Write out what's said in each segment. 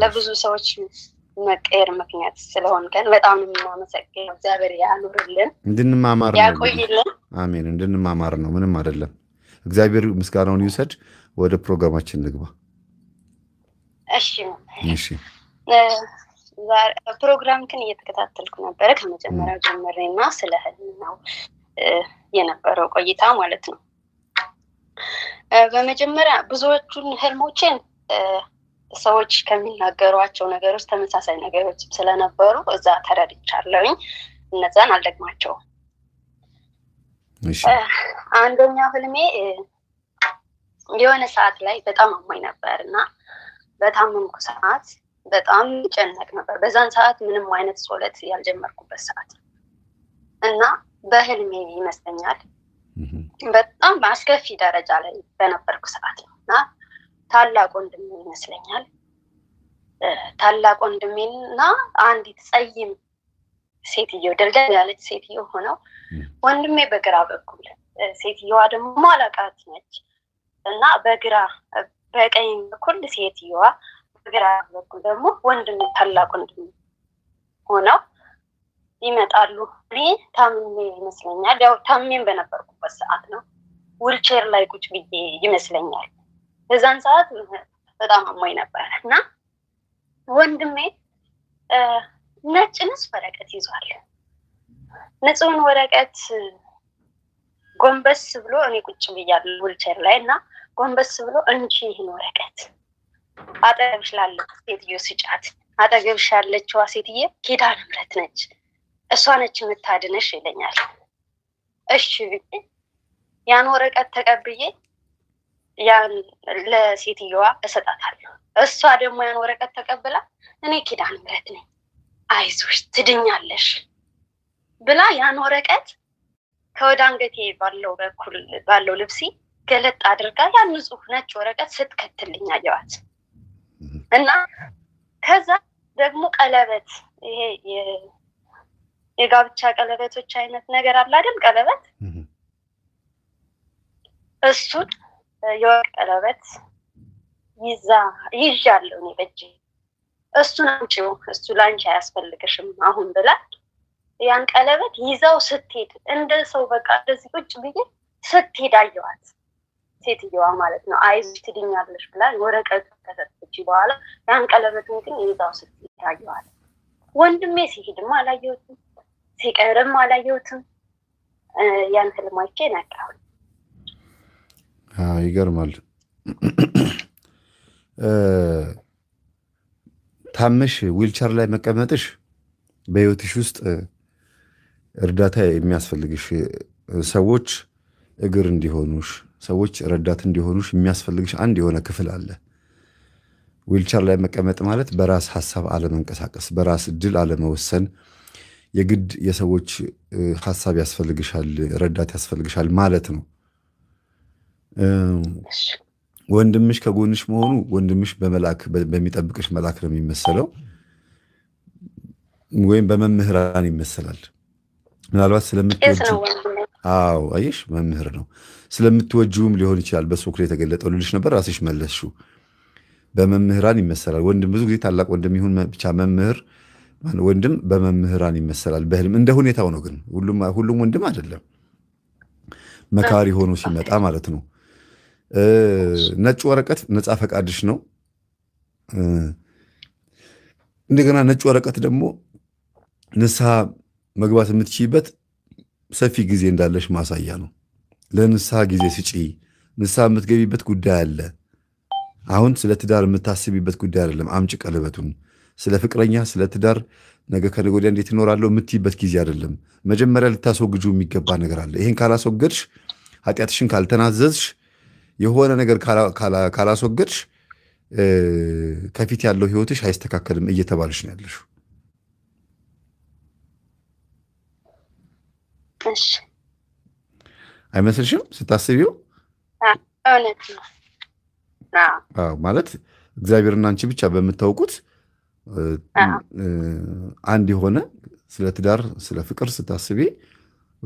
ለብዙ ሰዎች መቀየር ምክንያት ስለሆን ቀን በጣም የምናመሰግነው እግዚአብሔር ያኑርልን፣ እንድንማማር ያቆይልን። አሜን። እንድንማማር ነው፣ ምንም አይደለም። እግዚአብሔር ምስጋናውን ይውሰድ። ወደ ፕሮግራማችን ንግባ። እሺ፣ እሺ። ፕሮግራም ግን እየተከታተልኩ ነበረ ከመጀመሪያው ጀምሬ እና ስለ ህልም ነው የነበረው ቆይታ ማለት ነው። በመጀመሪያ ብዙዎቹን ህልሞችን ሰዎች ከሚናገሯቸው ነገሮች ተመሳሳይ ነገሮች ስለነበሩ እዛ ተረድቻለሁኝ። እነዛን አልደግማቸውም። አንደኛው ህልሜ የሆነ ሰዓት ላይ በጣም አሞኝ ነበር እና በታመምኩ ሰዓት በጣም ይጨነቅ ነበር። በዛን ሰዓት ምንም አይነት ጸሎት ያልጀመርኩበት ሰዓት እና በህልሜ ይመስለኛል በጣም አስከፊ ደረጃ ላይ በነበርኩ ሰዓት ነው እና ታላቅ ወንድሜ ይመስለኛል። ታላቅ ወንድሜና አንዲት ጸይም ሴትዮ ደልደል ያለች ሴትዮ ሆነው ወንድሜ በግራ በኩል ሴትዮዋ ደግሞ አላቃት ነች እና በግራ በቀኝ በኩል ሴትዮዋ በግራ በኩል ደግሞ ወንድሜ ታላቅ ወንድሜ ሆነው ይመጣሉ። እኔ ታምሜ ይመስለኛል። ያው ታምሜን በነበርኩበት ሰዓት ነው። ውልቼር ላይ ቁጭ ብዬ ይመስለኛል በዛን ሰዓት በጣም አማኝ ነበር እና ወንድሜ ነጭ ንስ ወረቀት ይዟል። ንጹህን ወረቀት ጎንበስ ብሎ እኔ ቁጭ ብያለሁ ውልቸር ላይ እና ጎንበስ ብሎ እንጂ ይህን ወረቀት አጠገብሽ ላለች ሴትዮ ስጫት፣ አጠገብሽ ያለችዋ ሴትዬ ኪዳነ ምሕረት ነች፣ እሷ ነች የምታድነሽ ይለኛል። እሺ ብዬ ያን ወረቀት ተቀብዬ ያን ለሴትየዋ እሰጣታለሁ። እሷ ደግሞ ያን ወረቀት ተቀብላ እኔ ኪዳነ ምሕረት ነኝ፣ አይዞሽ ትድኛለሽ ብላ ያን ወረቀት ከወደ አንገቴ ባለው በኩል ባለው ልብሴ ገለጥ አድርጋ ያን ንጹህ ነጭ ወረቀት ስትከትልኝ አየዋት እና ከዛ ደግሞ ቀለበት ይሄ የጋብቻ ቀለበቶች አይነት ነገር አለ አይደል? ቀለበት እሱን የወርቅ ቀለበት ይዛ ይዣለሁ እኔ በእጅ እሱን አንቺው እሱ ላንቺ አያስፈልግሽም አሁን ብላ ያን ቀለበት ይዛው ስትሄድ እንደ ሰው በቃ እንደዚህ ቁጭ ብዬ ስትሄድ አየዋት። ሴትየዋ ማለት ነው። አይዞሽ ትድኛለሽ ብላ ወረቀት ከሰጠች በኋላ ያን ቀለበትን ግን ይዛው ስትሄድ አየዋት። ወንድሜ ሲሄድም አላየሁትም፣ ሲቀርም አላየሁትም። ያን ህልማቼ አይቼ ነቃሁኝ። ይገርማል። ታመሽ ዊልቸር ላይ መቀመጥሽ በህይወትሽ ውስጥ እርዳታ የሚያስፈልግሽ ሰዎች እግር እንዲሆኑሽ ሰዎች ረዳት እንዲሆኑሽ የሚያስፈልግሽ አንድ የሆነ ክፍል አለ። ዊልቸር ላይ መቀመጥ ማለት በራስ ሀሳብ አለመንቀሳቀስ፣ በራስ እድል አለመወሰን፣ የግድ የሰዎች ሀሳብ ያስፈልግሻል፣ ረዳት ያስፈልግሻል ማለት ነው። ወንድምሽ ከጎንሽ መሆኑ ወንድምሽ በመላክ በሚጠብቅሽ መልአክ ነው የሚመሰለው ወይም በመምህራን ይመሰላል። ምናልባት ስለምትወጁ አዎ፣ አየሽ መምህር ነው ስለምትወጁም ሊሆን ይችላል። በሶክር የተገለጠው ልልሽ ነበር፣ ራስሽ መለስሽው። በመምህራን ይመሰላል ወንድም። ብዙ ጊዜ ታላቅ ወንድም ይሁን ብቻ መምህር ወንድም በመምህራን ይመሰላል በህልም እንደ ሁኔታው ነው። ግን ሁሉም ወንድም አይደለም፣ መካሪ ሆኖ ሲመጣ ማለት ነው። ነጭ ወረቀት ነፃ ፈቃድሽ ነው። እንደገና ነጭ ወረቀት ደግሞ ንስሐ መግባት የምትችይበት ሰፊ ጊዜ እንዳለሽ ማሳያ ነው። ለንስሐ ጊዜ ስጪ። ንስሐ የምትገቢበት ጉዳይ አለ። አሁን ስለ ትዳር የምታስቢበት ጉዳይ አይደለም። አምጭ ቀለበቱን። ስለ ፍቅረኛ፣ ስለ ትዳር ነገ ከነገ ወዲያ እንዴት እኖራለሁ የምትይበት ጊዜ አይደለም። መጀመሪያ ልታስወግጁ የሚገባ ነገር አለ። ይህን ካላስወገድሽ፣ ኃጢአትሽን ካልተናዘዝሽ የሆነ ነገር ካላስወገድሽ ከፊት ያለው ህይወትሽ አይስተካከልም እየተባልሽ ነው ያለሽ። አይመስልሽም? ስታስቢው ማለት እግዚአብሔርና አንቺ ብቻ በምታውቁት አንድ የሆነ ስለ ትዳር፣ ስለ ፍቅር ስታስቢ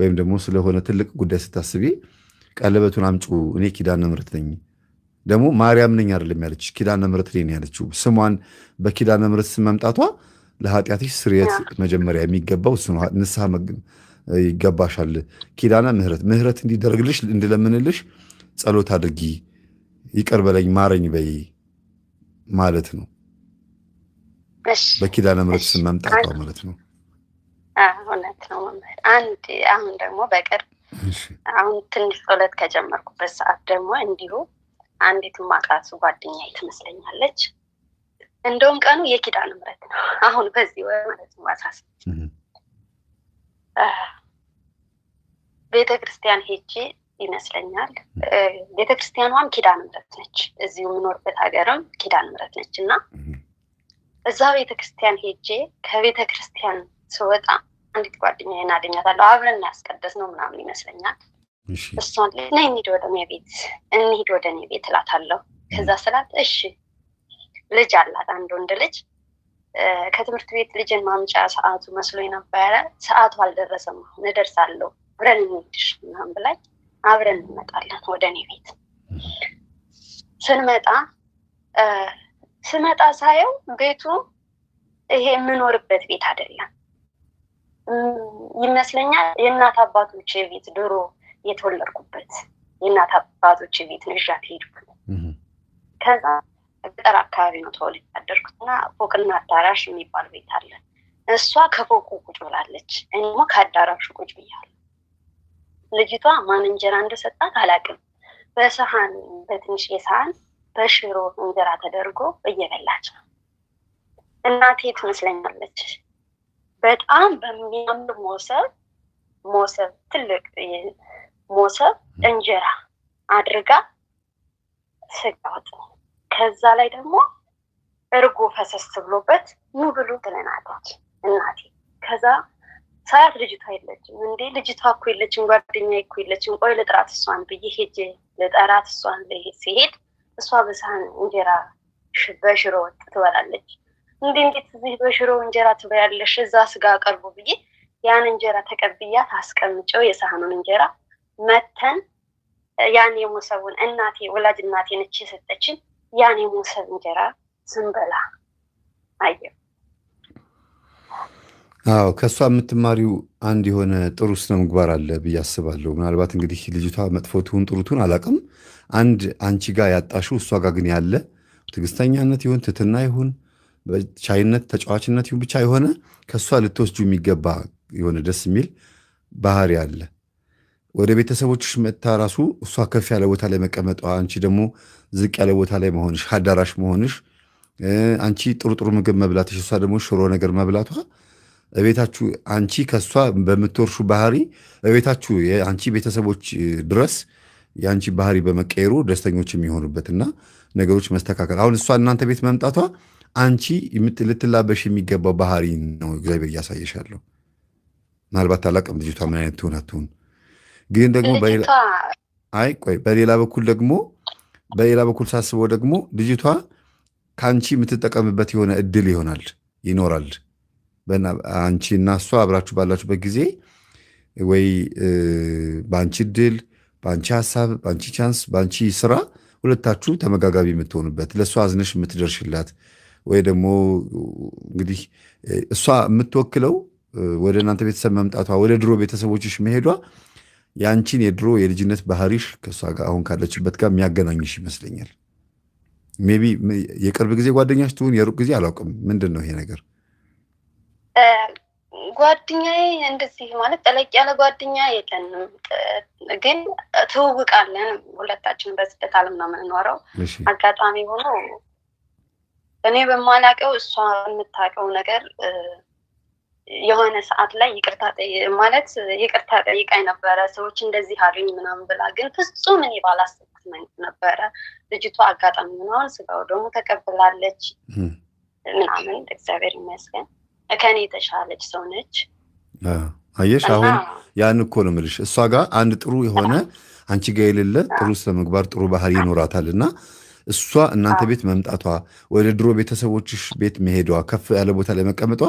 ወይም ደግሞ ስለሆነ ትልቅ ጉዳይ ስታስቢ ቀለበቱን አምጩ እኔ ኪዳነ ምሕረት ነኝ ደግሞ ማርያም ነኝ አይደለም ያለች ኪዳነ ምሕረት ነኝ ያለችው ስሟን በኪዳነ ምሕረት ስም መምጣቷ ለኃጢአትሽ ስርየት መጀመሪያ የሚገባው እሱ ነው። ንስሐ ይገባሻል። ኪዳነ ምሕረት ምሕረት እንዲደረግልሽ እንድለምንልሽ ጸሎት አድርጊ፣ ይቅር በለኝ ማረኝ በይ ማለት ነው። በኪዳነ ምሕረት ስም መምጣቷ ማለት ነው። እውነት ነው መምህር። አንድ አሁን ደግሞ በቅርብ አሁን ትንሽ ጸሎት ከጀመርኩበት ሰዓት ደግሞ እንዲሁ አንዲት ማቃቱ ጓደኛ ትመስለኛለች። እንደውም ቀኑ የኪዳነ ምሕረት ነው። አሁን በዚህ ወር ማለት ነው ቤተ ክርስቲያን ሄጄ ይመስለኛል። ቤተ ክርስቲያኗም ኪዳነ ምሕረት ነች። እዚሁ የምኖርበት ሀገርም ኪዳነ ምሕረት ነች እና እዛ ቤተ ክርስቲያን ሄጄ ከቤተ ክርስቲያን ስወጣ አንዲት ጓደኛዬን አገኛታለሁ። አብረን እናያስቀደስ ነው ምናምን ይመስለኛል። እሷን ና እንሂድ ወደ እኔ ቤት እንሂድ ወደ እኔ ቤት እላታለሁ። ከዛ ስላት እሺ ልጅ አላት አንድ ወንድ ልጅ ከትምህርት ቤት ልጅን ማምጫ ሰዓቱ መስሎ ነበረ። ሰዓቱ አልደረሰም፣ አሁን እደርሳለሁ አብረን እንሂድሽ ምናምን ብላኝ አብረን እንመጣለን ወደ እኔ ቤት። ስንመጣ ስመጣ ሳየው ቤቱ ይሄ የምኖርበት ቤት አይደለም። ይመስለኛል የእናት አባቶች ቤት ድሮ የተወለድኩበት የእናት አባቶች ቤት ነው ሄድኩ። ከዛ ገጠር አካባቢ ነው ተወልጄ ያደርኩት እና ፎቅና አዳራሽ የሚባል ቤት አለ። እሷ ከፎቁ ቁጭ ብላለች፣ እኔ ከአዳራሹ ቁጭ ብያለሁ። ልጅቷ ማን እንጀራ እንደሰጣት አላውቅም። በሰሀን በትንሽ የሰሀን በሽሮ እንጀራ ተደርጎ እየበላች ነው። እናቴ ትመስለኛለች በጣም በሚያምር ሞሰብ ሞሰብ ትልቅ ሞሰብ እንጀራ አድርጋ ስጋ ወጥ፣ ከዛ ላይ ደግሞ እርጎ ፈሰስ ብሎበት ኑ ብሉ ትለናለች እናቴ። ከዛ ሳያት ልጅቷ የለችም እንዴ? ልጅቷ እኮ የለችም፣ ጓደኛ እኮ የለችም። ቆይ ልጥራት እሷን ብዬ ሄጄ ልጠራት እሷን ስሄድ እሷ በሳህን እንጀራ በሽሮ ወጥ ትበላለች። እንዴ እንዴት እዚህ በሽሮ እንጀራ ትበያለሽ እዛ ስጋ ቀርቦ ብዬ ያን እንጀራ ተቀብያ ታስቀምጨው የሳህኑን እንጀራ መተን ያን የሞሰቡን እናቴ ወላጅ እናቴ ነች የሰጠችን ያን የሞሰብ እንጀራ ስንበላ አየው። አዎ ከእሷ የምትማሪው አንድ የሆነ ጥሩ ስነ ምግባር አለ ብዬ አስባለሁ። ምናልባት እንግዲህ ልጅቷ መጥፎቱን ጥሩቱን አላውቅም። አንድ አንቺ ጋር ያጣሽው እሷ ጋር ግን ያለ ትዕግስተኛነት ይሁን ትትና ይሁን ሻይነት ተጫዋችነት ብቻ የሆነ ከእሷ ልትወስጁ የሚገባ የሆነ ደስ የሚል ባህሪ አለ። ወደ ቤተሰቦችሽ መታ ራሱ እሷ ከፍ ያለ ቦታ ላይ መቀመጧ፣ አንቺ ደግሞ ዝቅ ያለ ቦታ ላይ መሆንሽ፣ አዳራሽ መሆንሽ፣ አንቺ ጥሩ ጥሩ ምግብ መብላትሽ፣ እሷ ደግሞ ሽሮ ነገር መብላቷ እቤታችሁ አንቺ ከእሷ በምትወርሹ ባህሪ እቤታችሁ የአንቺ ቤተሰቦች ድረስ የአንቺ ባህሪ በመቀየሩ ደስተኞች የሚሆኑበትና ነገሮች መስተካከል አሁን እሷ እናንተ ቤት መምጣቷ አንቺ ልትላበሽ የሚገባው ባህሪ ነው እግዚአብሔር እያሳየሻለሁ። ምናልባት አላቅም ልጅቷ ምን አይነት ትሆን አትሆን፣ ግን ደግሞ አይ ቆይ፣ በሌላ በኩል ደግሞ በሌላ በኩል ሳስበው ደግሞ ልጅቷ ከአንቺ የምትጠቀምበት የሆነ እድል ይሆናል ይኖራል። አንቺ እና እሷ አብራችሁ ባላችሁበት ጊዜ ወይ በአንቺ እድል፣ በአንቺ ሀሳብ፣ በአንቺ ቻንስ፣ በአንቺ ስራ ሁለታችሁ ተመጋጋቢ የምትሆኑበት ለእሷ አዝነሽ የምትደርሽላት ወይ ደግሞ እንግዲህ እሷ የምትወክለው ወደ እናንተ ቤተሰብ መምጣቷ ወደ ድሮ ቤተሰቦችሽ መሄዷ ያንቺን የድሮ የልጅነት ባህሪሽ ከእሷ ጋር አሁን ካለችበት ጋር የሚያገናኝሽ ይመስለኛል። ሜይ ቢ የቅርብ ጊዜ ጓደኛሽ ትሁን የሩቅ ጊዜ አላውቅም። ምንድን ነው ይሄ ነገር? ጓደኛዬ እንደዚህ ማለት ጠለቅ ያለ ጓደኛ የለንም፣ ግን ትውውቃለን። ሁለታችን በስደት አለም ነው የምንኖረው። አጋጣሚ ሆኖ እኔ በማላቀው እሷ የምታውቀው ነገር የሆነ ሰዓት ላይ ይቅርታ ማለት ይቅርታ ጠይቃኝ ነበረ። ሰዎች እንደዚህ አሉኝ ምናምን ብላ ግን ፍጹም እኔ ባላሰብኩት መንገድ ነበረ። ልጅቷ አጋጣሚ ምናምን ስጋው ደግሞ ተቀብላለች ምናምን እግዚአብሔር ይመስገን ከኔ የተሻለች ሰው ነች። አየሽ፣ አሁን ያን እኮ ነው ምልሽ እሷ ጋር አንድ ጥሩ የሆነ አንቺ ጋ የሌለ ጥሩ ስነምግባር ጥሩ ባህር ይኖራታል እና እሷ እናንተ ቤት መምጣቷ፣ ወደ ድሮ ቤተሰቦችሽ ቤት መሄዷ፣ ከፍ ያለ ቦታ ላይ መቀመጧ፣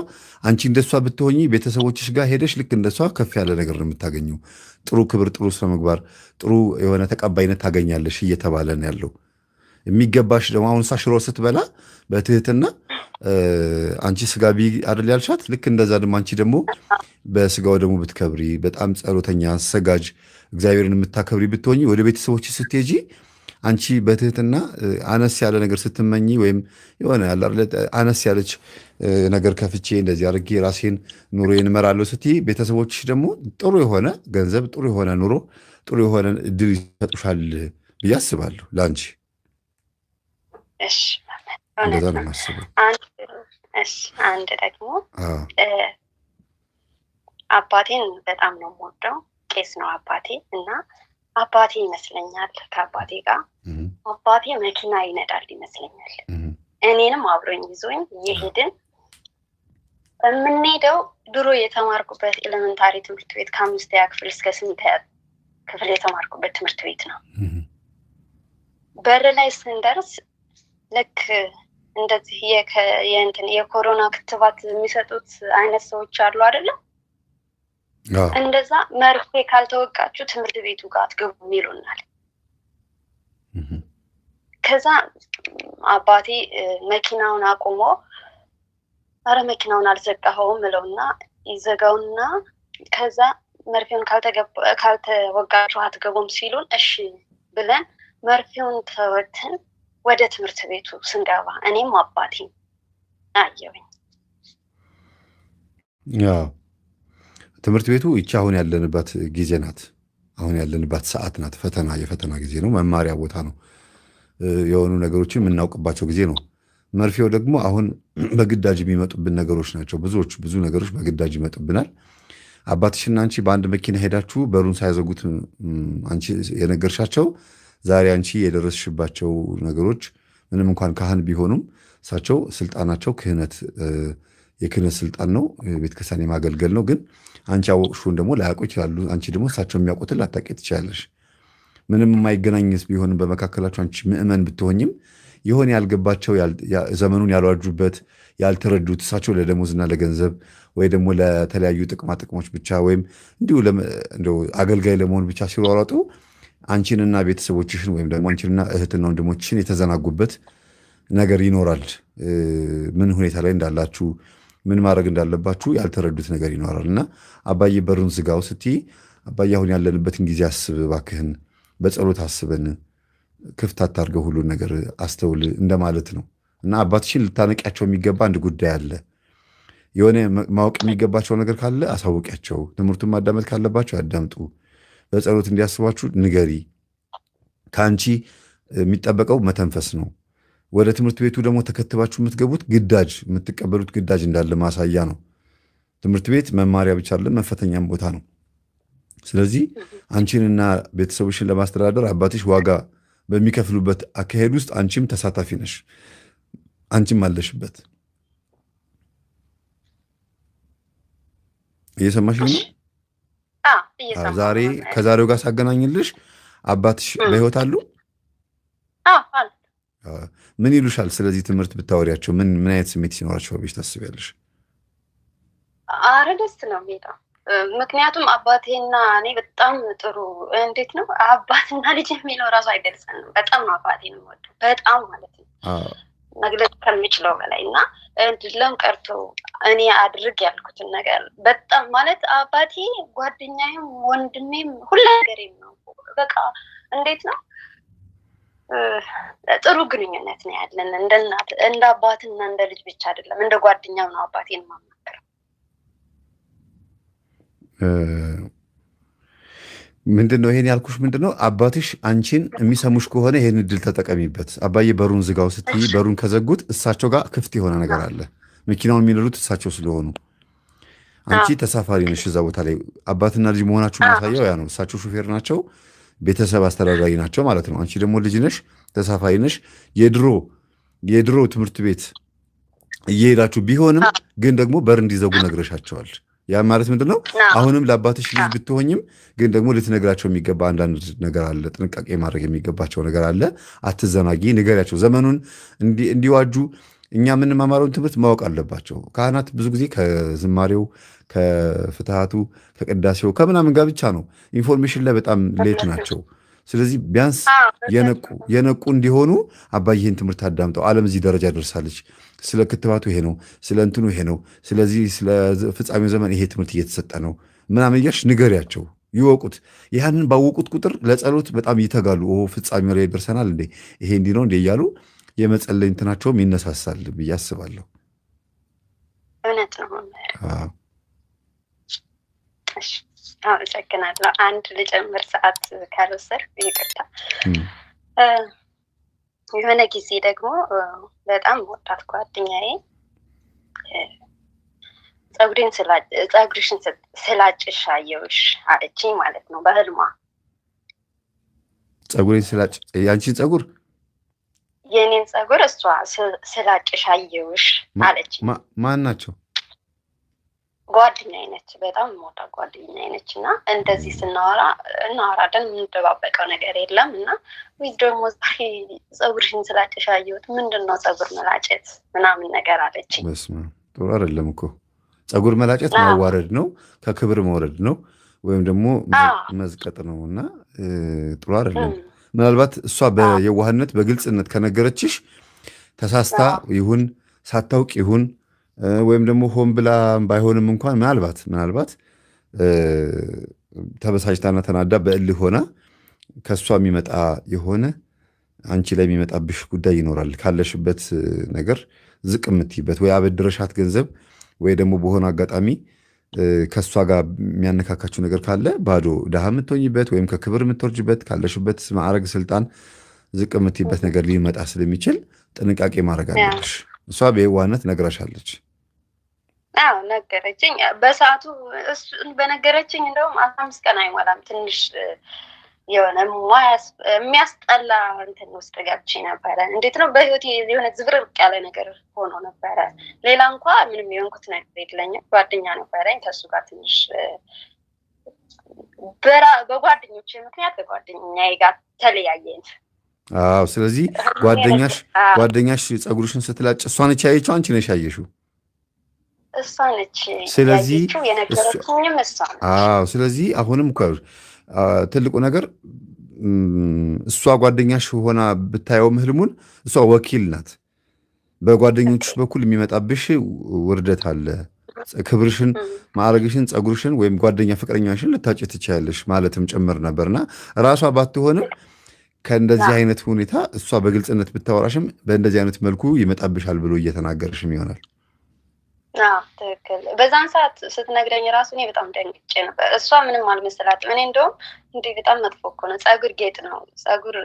አንቺ እንደሷ ብትሆኚ ቤተሰቦችሽ ጋር ሄደሽ ልክ እንደሷ ከፍ ያለ ነገር ነው የምታገኘው። ጥሩ ክብር፣ ጥሩ ስነምግባር፣ ጥሩ የሆነ ተቀባይነት ታገኛለሽ እየተባለ ነው ያለው። የሚገባሽ ደግሞ አሁን እሷ ሽሮ ስትበላ በትህትና አንቺ ስጋ ቢ አደል ያልሻት፣ ልክ እንደዛ ደግሞ አንቺ ደግሞ በስጋው ደግሞ ብትከብሪ፣ በጣም ጸሎተኛ አሰጋጅ፣ እግዚአብሔርን የምታከብሪ ብትሆኚ ወደ ቤተሰቦች ስትሄጂ አንቺ በትህትና አነስ ያለ ነገር ስትመኝ ወይም የሆነ አነስ ያለች ነገር ከፍቼ እንደዚህ አድርጌ ራሴን ኑሮ እመራለሁ ስትይ ቤተሰቦችሽ ደግሞ ጥሩ የሆነ ገንዘብ፣ ጥሩ የሆነ ኑሮ፣ ጥሩ የሆነ እድል ይሰጡሻል ብዬ አስባለሁ። ለአንቺ እንደዛ ነው የማስበው። አንድ ደግሞ አባቴን በጣም ነው የምወደው። ቄስ ነው አባቴ እና አባቴ ይመስለኛል ከአባቴ ጋር አባቴ መኪና ይነዳል ይመስለኛል። እኔንም አብሮኝ ይዞኝ የሄድን የምንሄደው ድሮ የተማርኩበት ኤሌመንታሪ ትምህርት ቤት ከአምስተኛ ክፍል እስከ ስምንተኛ ክፍል የተማርኩበት ትምህርት ቤት ነው። በር ላይ ስንደርስ ልክ እንደዚህ የኮሮና ክትባት የሚሰጡት አይነት ሰዎች አሉ አይደለም እንደዛ መርፌ ካልተወጋችሁ ትምህርት ቤቱ ጋር አትገቡም ይሉናል። ከዛ አባቴ መኪናውን አቁሞ አረ መኪናውን አልዘጋኸውም እለውና ይዘጋውና ከዛ መርፌውን ካልተወጋችሁ አትገቡም ሲሉን እሺ ብለን መርፌውን ተወትን ወደ ትምህርት ቤቱ ስንገባ እኔም አባቴ አየሁኝ። ትምህርት ቤቱ ይቺ አሁን ያለንበት ጊዜ ናት። አሁን ያለንበት ሰዓት ናት። ፈተና የፈተና ጊዜ ነው። መማሪያ ቦታ ነው። የሆኑ ነገሮችን የምናውቅባቸው ጊዜ ነው። መርፌው ደግሞ አሁን በግዳጅ የሚመጡብን ነገሮች ናቸው። ብዙዎች ብዙ ነገሮች በግዳጅ ይመጡብናል። አባትሽና አንቺ በአንድ መኪና ሄዳችሁ በሩን ሳያዘጉት አንቺ የነገርሻቸው ዛሬ አንቺ የደረስሽባቸው ነገሮች ምንም እንኳን ካህን ቢሆኑም እሳቸው ስልጣናቸው ክህነት የክህነት ስልጣን ነው። ቤተክርስቲያን የማገልገል ነው ግን አንቺ ያወቅሽውን ደግሞ ላያውቁ ይችላሉ። አንቺ ደግሞ እሳቸው የሚያውቁትን ላታውቂ ትችላለሽ። ምንም የማይገናኝስ ቢሆንም በመካከላቸው አንቺ ምእመን ብትሆኝም የሆነ ያልገባቸው ዘመኑን ያልዋጁበት ያልተረዱት እሳቸው ለደሞዝና ለገንዘብ ወይ ደግሞ ለተለያዩ ጥቅማ ጥቅሞች ብቻ ወይም እንዲሁ አገልጋይ ለመሆን ብቻ ሲሯሯጡ አንቺንና ቤተሰቦችሽን ወይም ደግሞ አንቺንና እህትና ወንድሞችሽን የተዘናጉበት ነገር ይኖራል። ምን ሁኔታ ላይ እንዳላችሁ ምን ማድረግ እንዳለባችሁ ያልተረዱት ነገር ይኖራል እና አባዬ በሩን ዝጋው ስትይ አባዬ አሁን ያለንበትን ጊዜ አስብ እባክህን፣ በጸሎት አስበን ክፍት አታርገው፣ ሁሉን ነገር አስተውል እንደማለት ነው እና አባትሽን ልታነቂያቸው የሚገባ አንድ ጉዳይ አለ። የሆነ ማወቅ የሚገባቸው ነገር ካለ አሳውቂያቸው። ትምህርቱን ማዳመጥ ካለባቸው ያዳምጡ። በጸሎት እንዲያስባችሁ ንገሪ። ከአንቺ የሚጠበቀው መተንፈስ ነው። ወደ ትምህርት ቤቱ ደግሞ ተከትባችሁ የምትገቡት ግዳጅ የምትቀበሉት ግዳጅ እንዳለ ማሳያ ነው። ትምህርት ቤት መማሪያ ብቻ አይደለም፣ መፈተኛም ቦታ ነው። ስለዚህ አንቺንና ቤተሰቦችን ለማስተዳደር አባትሽ ዋጋ በሚከፍሉበት አካሄድ ውስጥ አንቺም ተሳታፊ ነሽ፣ አንቺም አለሽበት። እየሰማሽ ዛሬ ከዛሬው ጋር ሳገናኝልሽ አባትሽ በህይወት አሉ ምን ይሉሻል? ስለዚህ ትምህርት ብታወሪያቸው ምን ምን አይነት ስሜት ሲኖራቸው ብዬሽ ታስቢያለሽ? አረ ደስ ነው የሚለው ምክንያቱም አባቴና እኔ በጣም ጥሩ እንዴት ነው አባትና ልጅ የሚለው እራሱ አይገልጸንም። በጣም ነው አባቴን የምወደው በጣም ማለት ነው መግለጽ ከሚችለው በላይ እና እንድለም ቀርቶ እኔ አድርግ ያልኩትን ነገር በጣም ማለት አባቴ ጓደኛዬም፣ ወንድሜም ሁሉ ነገሬም ነው። በቃ እንዴት ነው ጥሩ ግንኙነት ነው ያለን። እንደ እናት እንደ አባትና እንደ ልጅ ብቻ አይደለም፣ እንደ ጓደኛም ነው አባቴን ማማክረው። ምንድን ነው ይሄን ያልኩሽ? ምንድን ነው አባትሽ አንቺን የሚሰሙሽ ከሆነ ይሄን እድል ተጠቀሚበት። አባዬ በሩን ዝጋው ስትይ በሩን ከዘጉት እሳቸው ጋር ክፍት የሆነ ነገር አለ። መኪናውን የሚነዱት እሳቸው ስለሆኑ አንቺ ተሳፋሪ ነሽ እዛ ቦታ ላይ። አባትና ልጅ መሆናችሁ ማሳያው ያ ነው። እሳቸው ሹፌር ናቸው። ቤተሰብ አስተዳዳሪ ናቸው ማለት ነው። አንቺ ደግሞ ልጅ ነሽ፣ ተሳፋይ ነሽ። የድሮ የድሮ ትምህርት ቤት እየሄዳችሁ ቢሆንም ግን ደግሞ በር እንዲዘጉ ነግረሻቸዋል። ያ ማለት ምንድን ነው? አሁንም ለአባትሽ ልጅ ብትሆኝም ግን ደግሞ ልትነግራቸው የሚገባ አንዳንድ ነገር አለ፣ ጥንቃቄ ማድረግ የሚገባቸው ነገር አለ። አትዘናጊ፣ ንገሪያቸው። ዘመኑን እንዲዋጁ እኛ የምንማማረውን ትምህርት ማወቅ አለባቸው። ካህናት ብዙ ጊዜ ከዝማሬው ከፍትሃቱ ከቅዳሴው ከምናምን ጋር ብቻ ነው። ኢንፎርሜሽን ላይ በጣም ሌት ናቸው። ስለዚህ ቢያንስ የነቁ የነቁ እንዲሆኑ አባይህን ትምህርት አዳምጠው ዓለም እዚህ ደረጃ ደርሳለች። ስለ ክትባቱ ይሄ ነው፣ ስለ እንትኑ ይሄ ነው፣ ስለዚህ ስለ ፍጻሜው ዘመን ይሄ ትምህርት እየተሰጠ ነው ምናምን እያልሽ ንገሪያቸው ይወቁት። ያንን ባወቁት ቁጥር ለጸሎት በጣም ይተጋሉ። ፍጻሜው ላይ ደርሰናል እንዴ ይሄ እንዲህ ነው እንዴ እያሉ የመጸለይ እንትናቸውም ይነሳሳል ብዬ አስባለሁ። እውነት ነው። አመሰግናለሁ። አንድ ልጨምር ሰዓት ካልወሰድ ይቅርታ። የሆነ ጊዜ ደግሞ በጣም ወጣት ጓደኛዬ ጸጉሬን ጸጉርሽን ስላጭሽ አየሁሽ አለችኝ ማለት ነው በህልሟ። ጸጉሬን ስላጭ ያንቺን ጸጉር የእኔን ጸጉር እሷ ስላጭሽ አየሁሽ አለችኝ። ማን ናቸው? ጓደኛ አይነች፣ በጣም ሞዳ ጓደኛ አይነች እና እንደዚህ ስናወራ እናወራለን፣ የምንደባበቀው ነገር የለም እና ዊዝ ደግሞ ፀጉርሽን ስላጨሽ አየሁት፣ ምንድን ነው ፀጉር መላጨት ምናምን ነገር አለች ጥሩ አይደለም እኮ ፀጉር መላጨት ማዋረድ ነው፣ ከክብር መውረድ ነው፣ ወይም ደግሞ መዝቀጥ ነው እና ጥሩ አይደለም። ምናልባት እሷ በየዋህነት በግልጽነት ከነገረችሽ ተሳስታ ይሁን ሳታውቅ ይሁን ወይም ደግሞ ሆን ብላ ባይሆንም እንኳን ምናልባት ምናልባት ተበሳጭታና ተናዳ በእልህ ሆና ከእሷ የሚመጣ የሆነ አንቺ ላይ የሚመጣብሽ ጉዳይ ይኖራል። ካለሽበት ነገር ዝቅ የምትይበት ወይ አበድረሻት ገንዘብ ወይ ደግሞ በሆነ አጋጣሚ ከእሷ ጋር የሚያነካካችው ነገር ካለ ባዶ ድሃ የምትሆኝበት ወይም ከክብር የምትወርጅበት ካለሽበት ማዕረግ፣ ስልጣን ዝቅ የምትይበት ነገር ሊመጣ ስለሚችል ጥንቃቄ ማድረግ አለብሽ። እሷ በየዋህነት ነግራሻለች። አዎ ነገረችኝ። በሰዓቱ እሱን በነገረችኝ እንደውም አስራ አምስት ቀን አይሞላም ትንሽ የሆነ የሚያስጠላ እንትን ውስጥ ገብቼ ነበረ። እንዴት ነው በህይወት የሆነ ዝብርቅ ያለ ነገር ሆኖ ነበረ። ሌላ እንኳ ምንም የሆንኩት ነገር የለኝም። ጓደኛ ነበረኝ ከሱ ጋር ትንሽ በጓደኞች ምክንያት በጓደኛዬ ጋር ተለያየን። አዎ። ስለዚህ ጓደኛሽ ጓደኛሽ ጸጉርሽን ስትላጭ እሷ ነች ያየችው፣ አንቺ ነሽ ያየሽው? እሷ ነች። ስለዚህ የነገረችኝም እሷ ነች። ስለዚህ አሁንም ትልቁ ነገር እሷ ጓደኛሽ ሆና ብታየውም ህልሙን እሷ ወኪል ናት። በጓደኞች በኩል የሚመጣብሽ ውርደት አለ። ክብርሽን፣ ማዕረግሽን፣ ጸጉርሽን ወይም ጓደኛ ፍቅረኛሽን ልታጭ ትችያለሽ ማለትም ጭምር ነበርና ራሷ ባትሆንም ከእንደዚህ አይነት ሁኔታ እሷ በግልጽነት ብታወራሽም በእንደዚህ አይነት መልኩ ይመጣብሻል ብሎ እየተናገርሽም ይሆናል። ትክክል። በዛን ሰዓት ስትነግረኝ ራሱ እኔ በጣም ደንግጬ ነበር። እሷ ምንም አልመሰላትም። እኔ እንደውም እንዲ በጣም መጥፎ እኮ ነው፣ ጸጉር ጌጥ ነው፣ ጸጉር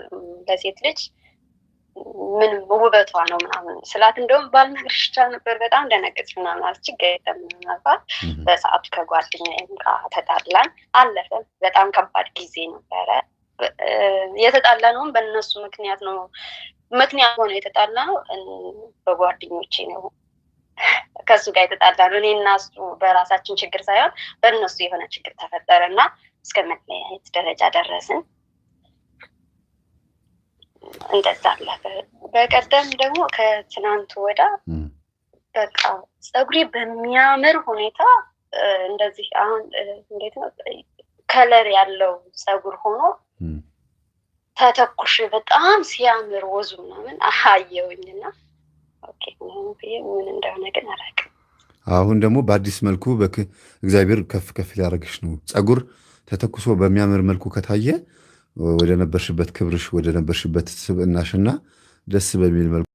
ለሴት ልጅ ምንም ውበቷ ነው ምናምን ስላት፣ እንደውም ባልነግርሽ ይቻል ነበር በጣም ደነገጽ ምናምን አለች። ገጠ ምናምን አልኳት። በሰዓቱ ከጓደኛዬም ጋር ተጣላን፣ አለፈ። በጣም ከባድ ጊዜ ነበረ። የተጣላ ነውም በእነሱ ምክንያት ነው፣ ምክንያት ሆነ የተጣላ ነው። በጓደኞቼ ነው ከእሱ ጋር የተጣላ እኔ እና እሱ በራሳችን ችግር ሳይሆን በእነሱ የሆነ ችግር ተፈጠረ እና እስከ መለያየት ደረጃ ደረስን። እንደዛ አለፈ። በቀደም ደግሞ ከትናንቱ ወዳ በቃ ፀጉሬ በሚያምር ሁኔታ እንደዚህ አሁን እንዴት ነው ከለር ያለው ፀጉር ሆኖ ተተኩሽ በጣም ሲያምር ወዙ ምናምን አየውኝና ምን እንደሆነ ግን አላውቅም። አሁን ደግሞ በአዲስ መልኩ እግዚአብሔር ከፍ ከፍ ሊያደርግሽ ነው። ጸጉር ተተኩሶ በሚያምር መልኩ ከታየ ወደ ነበርሽበት ክብርሽ ወደ ነበርሽበት ደስ በሚል መልኩ